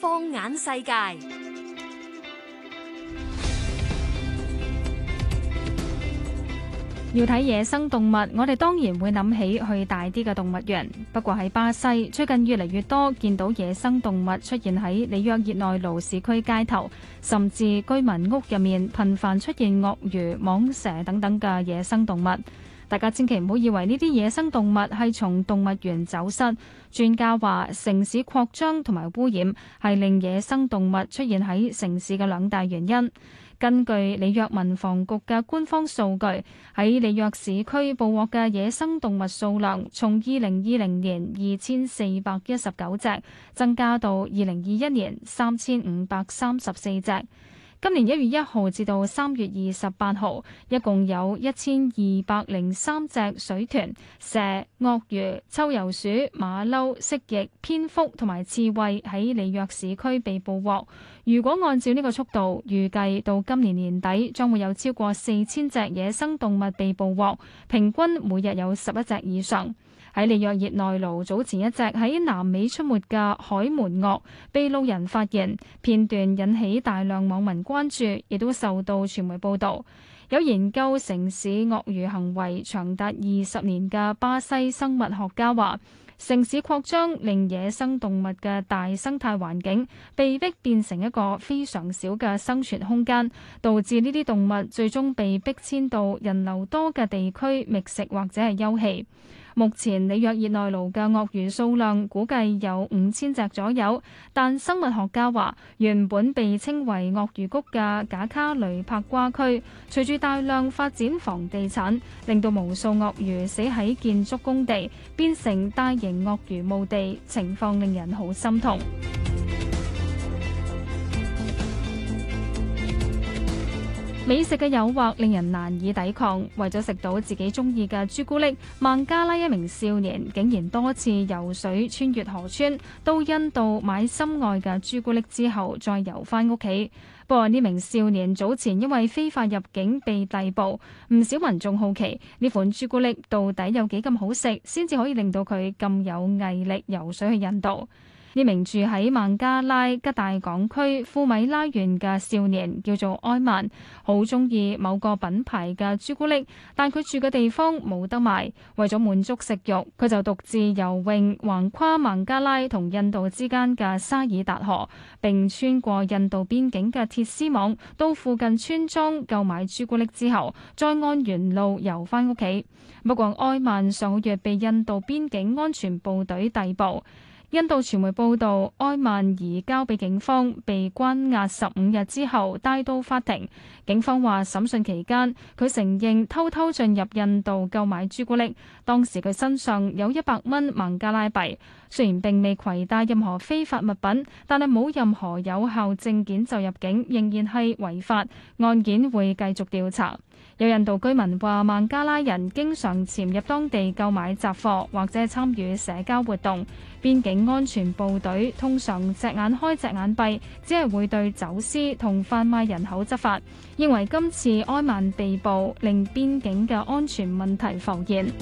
放眼世界，要睇野生動物，我哋當然會諗起去大啲嘅動物園。不過喺巴西，最近越嚟越多見到野生動物出現喺里約熱內盧市區街頭，甚至居民屋入面，頻繁出現鱷魚、蟒蛇等等嘅野生動物。大家千祈唔好以為呢啲野生動物係從動物園走失。專家話城市擴張同埋污染係令野生動物出現喺城市嘅兩大原因。根據里約民防局嘅官方數據，喺里約市區捕獲嘅野生動物數量，從二零二零年二千四百一十九隻增加到二零二一年三千五百三十四隻。今年一月一號至到三月二十八號，一共有一千二百零三隻水豚、蛇、鱷魚、秋游鼠、馬騮、蜥蜴、蝙蝠同埋刺猬喺里約市區被捕獲。如果按照呢個速度，預計到今年年底將會有超過四千隻野生動物被捕獲，平均每日有十一隻以上。喺里約熱內盧，早前一隻喺南美出沒嘅海門鱷被路人發現，片段引起大量網民關注，亦都受到傳媒報道。有研究城市鱷魚行為長達二十年嘅巴西生物學家話，城市擴張令野生動物嘅大生態環境被迫變成一個非常小嘅生存空間，導致呢啲動物最終被迫遷到人流多嘅地區覓食或者係休憩。目前里約熱內盧嘅鱷魚數量估計有五千隻左右，但生物學家話，原本被稱為鱷魚谷嘅賈卡雷帕瓜區，隨住大量發展房地產，令到無數鱷魚死喺建築工地，變成大型鱷魚墓地，情況令人好心痛。美食嘅誘惑令人難以抵抗，為咗食到自己中意嘅朱古力，孟加拉一名少年竟然多次游水穿越河川，到印度買心愛嘅朱古力之後，再游返屋企。不過呢名少年早前因為非法入境被逮捕，唔少民眾好奇呢款朱古力到底有幾咁好食，先至可以令到佢咁有毅力游水去印度。呢名住喺孟加拉吉大港區庫米拉縣嘅少年叫做埃曼，好中意某個品牌嘅朱古力，但佢住嘅地方冇得賣，為咗滿足食欲，佢就獨自游泳橫跨孟加拉同印度之間嘅沙爾達河，並穿過印度邊境嘅鐵絲網，到附近村莊購買朱古力之後，再按原路游翻屋企。不過，埃曼上個月被印度邊境安全部隊逮捕。印度傳媒報道，埃曼移交俾警方，被關押十五日之後帶到法庭。警方話，審訊期間，佢承認偷偷進入印度購買朱古力。當時佢身上有一百蚊孟加拉幣，雖然並未攜帶任何非法物品，但係冇任何有效證件就入境，仍然係違法。案件會繼續調查。有印度居民話，孟加拉人經常潛入當地購買雜貨或者參與社交活動，邊境安全部隊通常隻眼開隻眼閉，只係會對走私同販賣人口執法，認為今次埃曼被捕，令邊境嘅安全問題浮現。